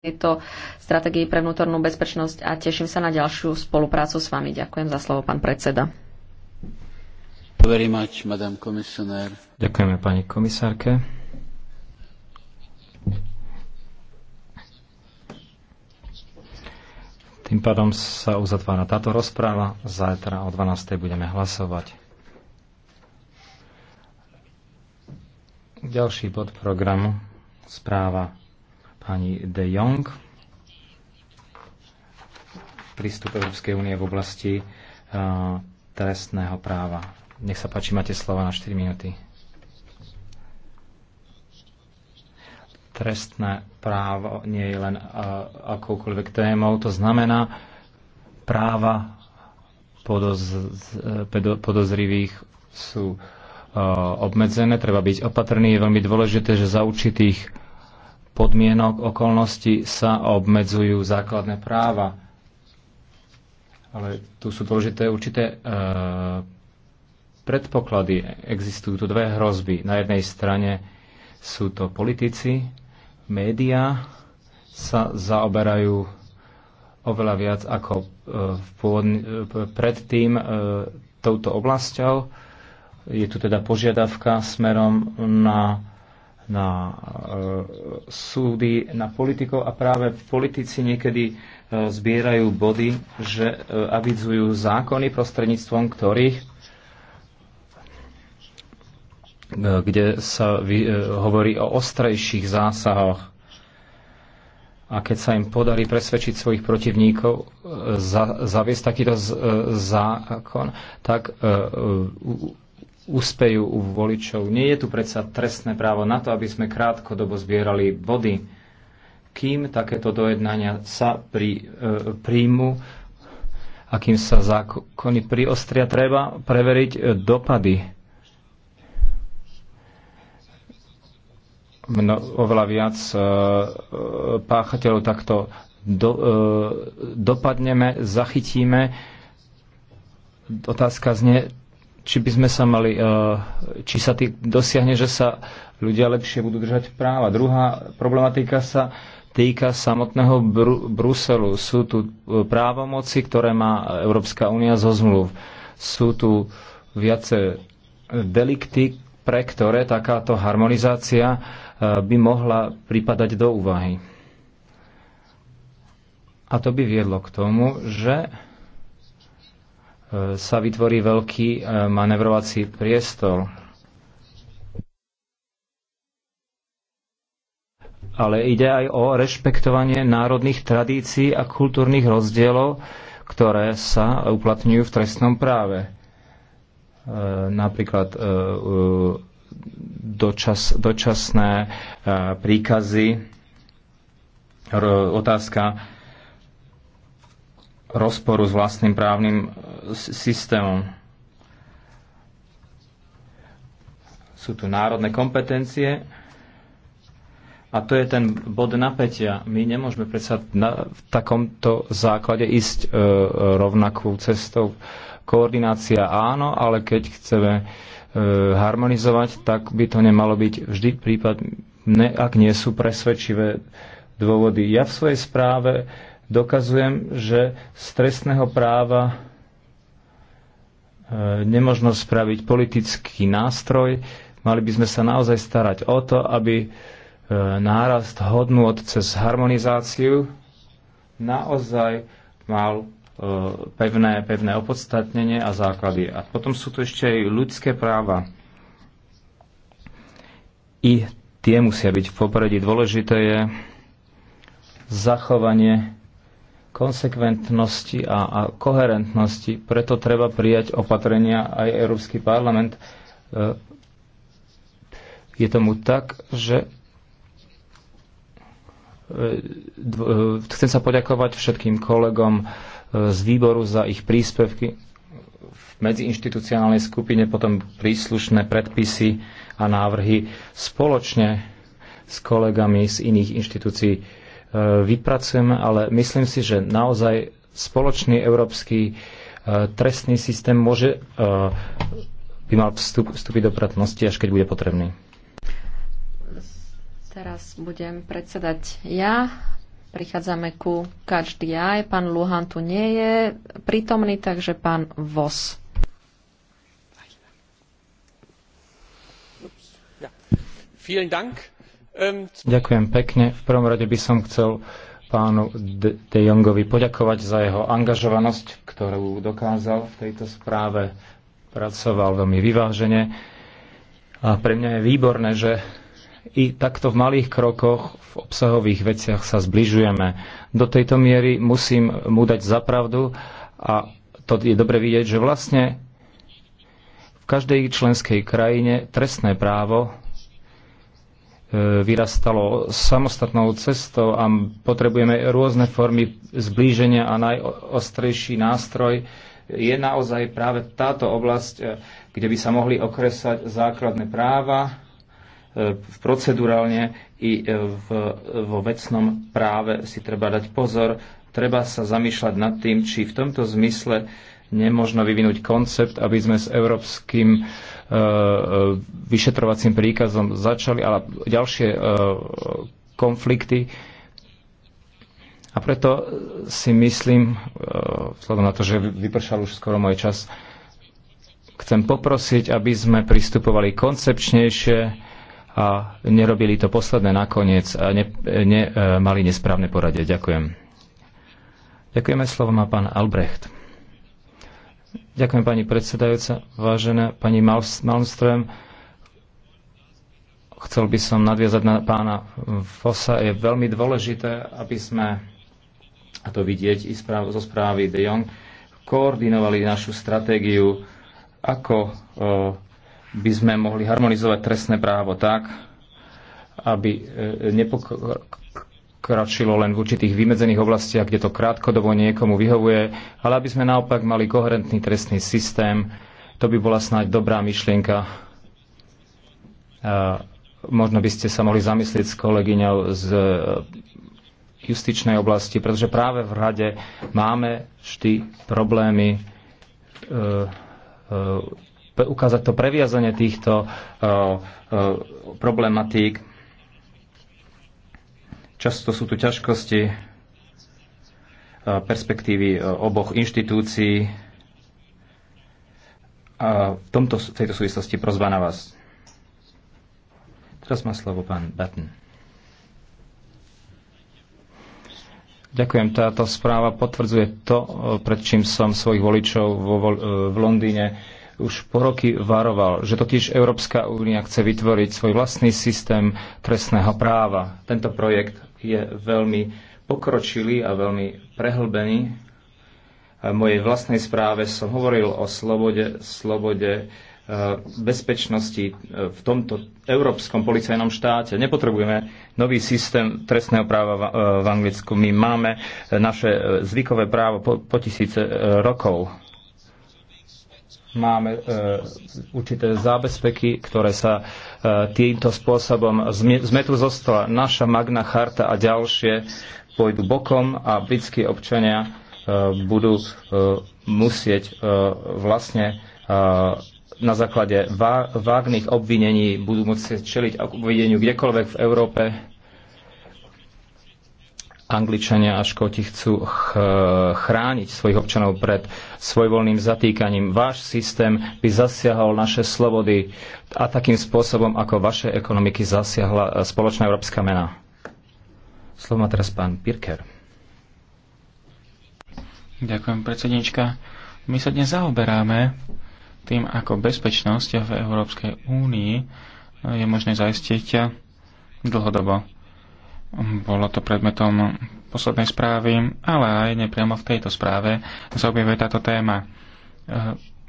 tejto stratégii pre vnútornú bezpečnosť a teším sa na ďalšiu spoluprácu s vami. Ďakujem za slovo, pán predseda. Much, Ďakujeme pani komisárke. Tým pádom sa uzatvára táto rozpráva. Zajtra o 12.00 budeme hlasovať. Ďalší bod programu správa pani De Jong. Prístup Európskej únie v oblasti eh, trestného práva. Nech sa páči, máte slovo na 4 minúty. Trestné právo nie je len eh, akoukoľvek témou, to znamená práva podoz, podozrivých sú eh, obmedzené, treba byť opatrný. Je veľmi dôležité, že za určitých podmienok, okolností sa obmedzujú základné práva. Ale tu sú dôležité určité e, predpoklady. Existujú tu dve hrozby. Na jednej strane sú to politici, médiá sa zaoberajú oveľa viac ako e, v e, predtým e, touto oblasťou. Je tu teda požiadavka smerom na na e, súdy, na politikov a práve politici niekedy e, zbierajú body, že e, avizujú zákony prostredníctvom ktorých kde sa vy, hovorí o ostrejších zásahoch. A keď sa im podarí presvedčiť svojich protivníkov za, zaviesť takýto z, zákon, tak uh, úspejú u voličov. Nie je tu predsa trestné právo na to, aby sme krátkodobo zbierali body, kým takéto dojednania sa pri, e, príjmu a kým sa zákony priostria, treba preveriť e, dopady. Mno, oveľa viac e, e, páchateľov takto do, e, dopadneme, zachytíme. Otázka znie, či by sme sa mali, eh, či sa tý, dosiahne, že sa ľudia lepšie budú držať práva. Druhá problematika sa týka samotného Bru- Bruselu. Sú tu eh, právomoci, ktoré má Európska únia zo zmluv. Sú tu viace delikty, pre ktoré takáto harmonizácia eh, by mohla pripadať do úvahy. A to by viedlo k tomu, že sa vytvorí veľký e, manevrovací priestor. Ale ide aj o rešpektovanie národných tradícií a kultúrnych rozdielov, ktoré sa uplatňujú v trestnom práve. E, napríklad e, dočas, dočasné príkazy, otázka rozporu s vlastným právnym systémom. Sú tu národné kompetencie a to je ten bod napätia. My nemôžeme predsa na, v takomto základe ísť e, rovnakou cestou. Koordinácia áno, ale keď chceme e, harmonizovať, tak by to nemalo byť vždy prípad, ne, ak nie sú presvedčivé dôvody. Ja v svojej správe dokazujem, že z trestného práva nemožno spraviť politický nástroj. Mali by sme sa naozaj starať o to, aby e, nárast hodnôt cez harmonizáciu naozaj mal e, pevné, pevné opodstatnenie a základy. A potom sú tu ešte aj ľudské práva. I tie musia byť v popredí. Dôležité je zachovanie konsekventnosti a, a koherentnosti. Preto treba prijať opatrenia aj Európsky parlament. E, je tomu tak, že e, e, chcem sa poďakovať všetkým kolegom z výboru za ich príspevky v medziinstitucionálnej skupine, potom príslušné predpisy a návrhy spoločne s kolegami z iných inštitúcií E, vypracujeme, ale myslím si, že naozaj spoločný európsky e, trestný systém môže, e, by mal vstup, vstúpiť do platnosti, až keď bude potrebný. Teraz budem predsedať ja. Prichádzame ku každý aj. Pán Luhan tu nie je prítomný, takže pán Vos. Ja. Vielen Dank. Ďakujem pekne. V prvom rade by som chcel pánu De Jongovi poďakovať za jeho angažovanosť, ktorú dokázal v tejto správe. Pracoval veľmi vyvážene. A pre mňa je výborné, že i takto v malých krokoch, v obsahových veciach sa zbližujeme. Do tejto miery musím mu dať zapravdu a to je dobre vidieť, že vlastne v každej členskej krajine trestné právo vyrastalo samostatnou cestou a potrebujeme rôzne formy zblíženia a najostrejší nástroj je naozaj práve táto oblasť, e, kde by sa mohli okresať základné práva e, procedurálne i e, v, vo vecnom práve si treba dať pozor. Treba sa zamýšľať nad tým, či v tomto zmysle nemožno vyvinúť koncept, aby sme s európskym e, e, vyšetrovacím príkazom začali, ale ďalšie e, konflikty. A preto si myslím, vzhľadom na to, že vypršal už skoro môj čas, chcem poprosiť, aby sme pristupovali koncepčnejšie a nerobili to posledné nakoniec a ne, ne, mali nesprávne poradie. Ďakujem. Ďakujeme slovo a pán Albrecht. Ďakujem pani predsedajúca, vážená pani Malmström. Chcel by som nadviazať na pána Fossa. Je veľmi dôležité, aby sme, a to vidieť i zo správy De Jong, koordinovali našu stratégiu, ako e, by sme mohli harmonizovať trestné právo tak, aby e, nepok kračilo len v určitých vymedzených oblastiach, kde to krátkodobo niekomu vyhovuje, ale aby sme naopak mali koherentný trestný systém, to by bola snáď dobrá myšlienka. Možno by ste sa mohli zamyslieť s kolegyňou z e, justičnej oblasti, pretože práve v rade máme vždy problémy e, e, ukázať to previazanie týchto problematík Často sú tu ťažkosti e, perspektívy e, oboch inštitúcií. A v tomto, v tejto súvislosti prozba na vás. Teraz má slovo pán Batten. Ďakujem. Táto správa potvrdzuje to, e, pred čím som svojich voličov vo, v Londýne už po roky varoval, že totiž Európska únia chce vytvoriť svoj vlastný systém trestného práva. Tento projekt je veľmi pokročilý a veľmi prehlbený. V mojej vlastnej správe som hovoril o slobode, slobode e, bezpečnosti e, v tomto európskom policajnom štáte. Nepotrebujeme nový systém trestného práva v e, Anglicku. My máme naše zvykové právo po, po tisíce rokov máme e, určité zábezpeky, ktoré sa e, týmto spôsobom zme, sme tu zostala. Naša Magna Charta a ďalšie pôjdu bokom a britskí občania e, budú e, musieť e, vlastne e, na základe vá, vágnych obvinení budú musieť čeliť obvineniu kdekoľvek v Európe Angličania a Škoti chcú chrániť svojich občanov pred svojvoľným zatýkaním. Váš systém by zasiahol naše slobody a takým spôsobom, ako vaše ekonomiky zasiahla e, spoločná európska mena. Slovo má teraz pán Pirker. Ďakujem, predsednička. My sa dnes zaoberáme tým, ako bezpečnosť v Európskej únii e, je možné zaistiť dlhodobo bolo to predmetom poslednej správy, ale aj nepriamo v tejto správe sa objavuje táto téma. E,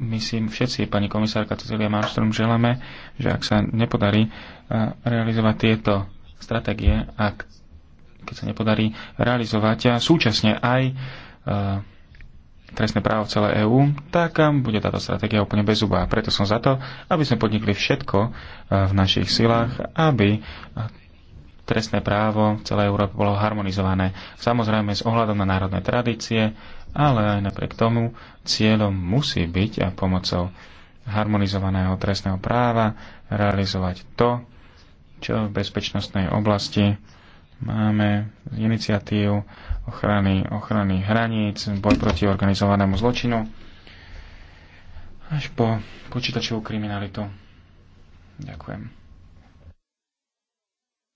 my si všetci, pani komisárka Cecilia Malmström, želáme, že ak sa nepodarí e, realizovať tieto stratégie, ak keď sa nepodarí realizovať a súčasne aj e, trestné právo v celé EÚ, tak bude táto stratégia úplne zuba. Preto som za to, aby sme podnikli všetko v našich silách, aby trestné právo v celej Európe bolo harmonizované. Samozrejme s ohľadom na národné tradície, ale aj napriek tomu cieľom musí byť a pomocou harmonizovaného trestného práva realizovať to, čo v bezpečnostnej oblasti máme iniciatív ochrany, ochrany hraníc, boj proti organizovanému zločinu až po počítačovú kriminalitu. Ďakujem.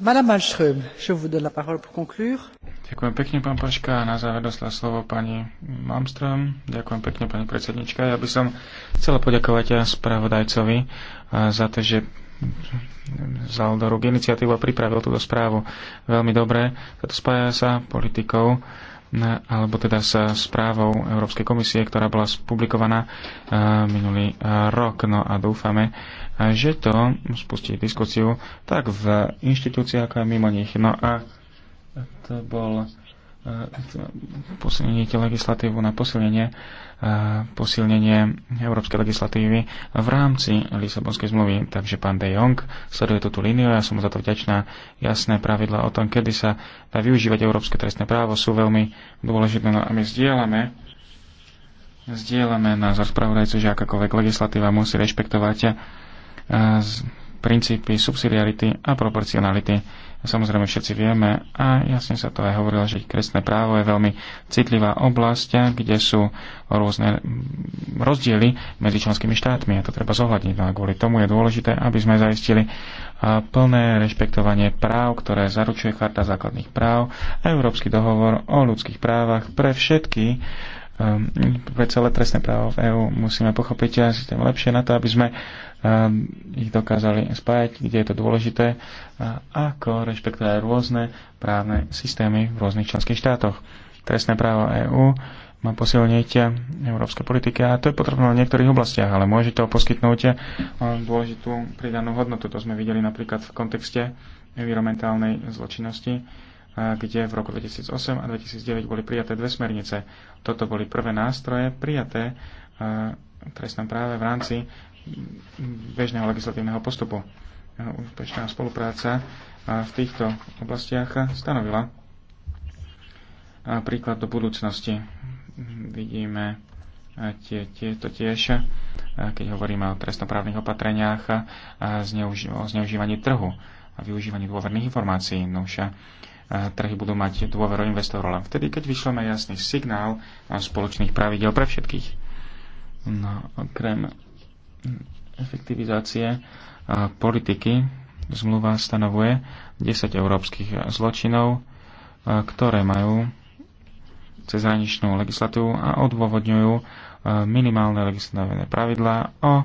Ďakujem pekne, pán Paška. Na záver dostala slovo pani Malmström. Ďakujem pekne, pani predsednička. Ja by som chcela poďakovať aj spravodajcovi eh, za to, že vzal do rúk iniciatívu a pripravil túto správu veľmi dobre. Toto spája sa politikou alebo teda s správou Európskej komisie, ktorá bola spublikovaná eh, minulý eh, rok. No a dúfame, eh, že to spustí diskusiu tak v inštitúciách ako aj mimo nich. No a to bol E, posilnenie legislatívu na posilnenie, e, posilnenie európskej legislatívy v rámci Lisabonskej zmluvy. Takže pán De Jong sleduje túto líniu, ja som mu za to vďačná. Jasné pravidla o tom, kedy sa dá využívať európske trestné právo, sú veľmi dôležité no a my zdieľame Zdieľame názor spravodajcu, že akákoľvek legislatíva musí rešpektovať e, princípy subsidiarity a proporcionality Samozrejme všetci vieme a jasne sa to aj hovorilo, že kresné právo je veľmi citlivá oblasť, kde sú rôzne rozdiely medzi členskými štátmi a to treba zohľadniť. No a kvôli tomu je dôležité, aby sme zaistili plné rešpektovanie práv, ktoré zaručuje Charta základných práv a Európsky dohovor o ľudských právach pre všetky Um, pre celé trestné právo v EÚ musíme pochopiť systém lepšie na to, aby sme um, ich dokázali spájať, kde je to dôležité, ako rešpektovať rôzne právne systémy v rôznych členských štátoch. Trestné právo EÚ má posilniť európske politiky a to je potrebné v niektorých oblastiach, ale môže to poskytnúť um, dôležitú pridanú hodnotu. To sme videli napríklad v kontexte environmentálnej zločinnosti kde v roku 2008 a 2009 boli prijaté dve smernice. Toto boli prvé nástroje prijaté e, v trestnom práve v rámci bežného legislatívneho postupu. E, úspešná spolupráca e, v týchto oblastiach stanovila príklad do budúcnosti. Vidíme tie, tieto tiež, keď hovoríme o trestnoprávnych opatreniach a zneuž- o zneužívaní trhu a využívaní dôverných informácií. No, no trhy budú mať dôveru investorov len vtedy, keď vyšleme jasný signál spoločných pravidel pre všetkých. No, okrem efektivizácie politiky zmluva stanovuje 10 európskych zločinov, ktoré majú cezhraničnú legislatívu a odôvodňujú minimálne legislatívne pravidlá o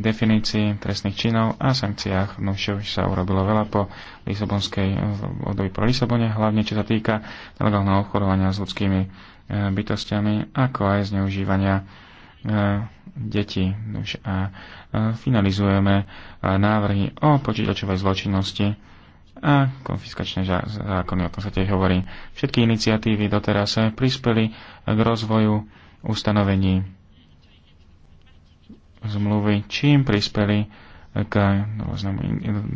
definícii trestných činov a sankciách. No už sa urobilo veľa po Lisabonskej odovi po Lisabone, hlavne čo sa týka nelegálneho obchodovania s ľudskými e, bytostiami, ako aj zneužívania e, detí. Už a e, finalizujeme návrhy o počítačovej zločinnosti a konfiskačné zákony, o tom sa tiež hovorí. Všetky iniciatívy doteraz prispeli k rozvoju ustanovení zmluvy, čím prispeli k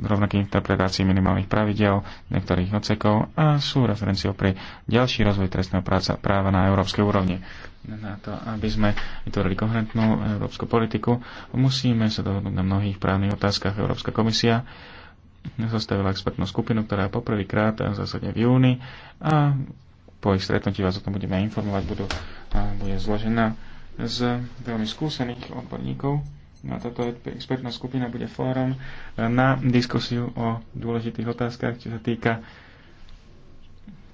rovnakým interpretácii minimálnych pravidel niektorých odsekov a sú referenciou pre ďalší rozvoj trestného práca, práva na európskej úrovni. Na to, aby sme vytvorili koherentnú európsku politiku, musíme sa dohodnúť na mnohých právnych otázkach. Európska komisia zostavila expertnú skupinu, ktorá poprvýkrát v zásade v júni a po ich stretnutí vás o tom budeme informovať, budú, bude zložená z veľmi skúsených odborníkov. No a táto expertná skupina bude fórum e, na diskusiu o dôležitých otázkach, čo sa týka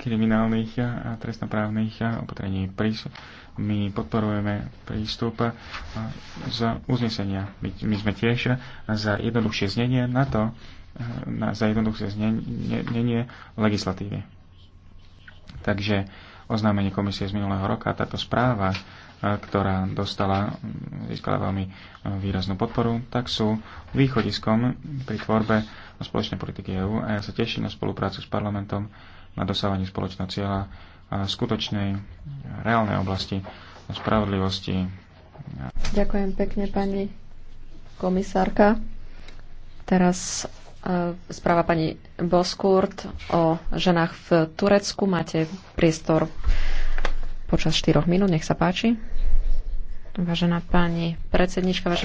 kriminálnych a trestnoprávnych opatrení. My podporujeme prístup z uznesenia. My, my sme tiež za jednoduchšie znenie na to, e, na, za jednoduchšie znenie legislatívy. Takže oznámenie komisie z minulého roka, táto správa ktorá dostala, získala veľmi e, výraznú podporu, tak sú východiskom pri tvorbe spoločnej politiky EÚ a ja sa teším na spoluprácu s parlamentom na dosávanie spoločného cieľa skutočnej e, reálnej oblasti spravodlivosti. Ďakujem pekne, pani komisárka. Teraz e, správa pani Boskurt o ženách v Turecku. Máte priestor počas 4 minút. Nech sa páči. Vážená pani predsednička, vážená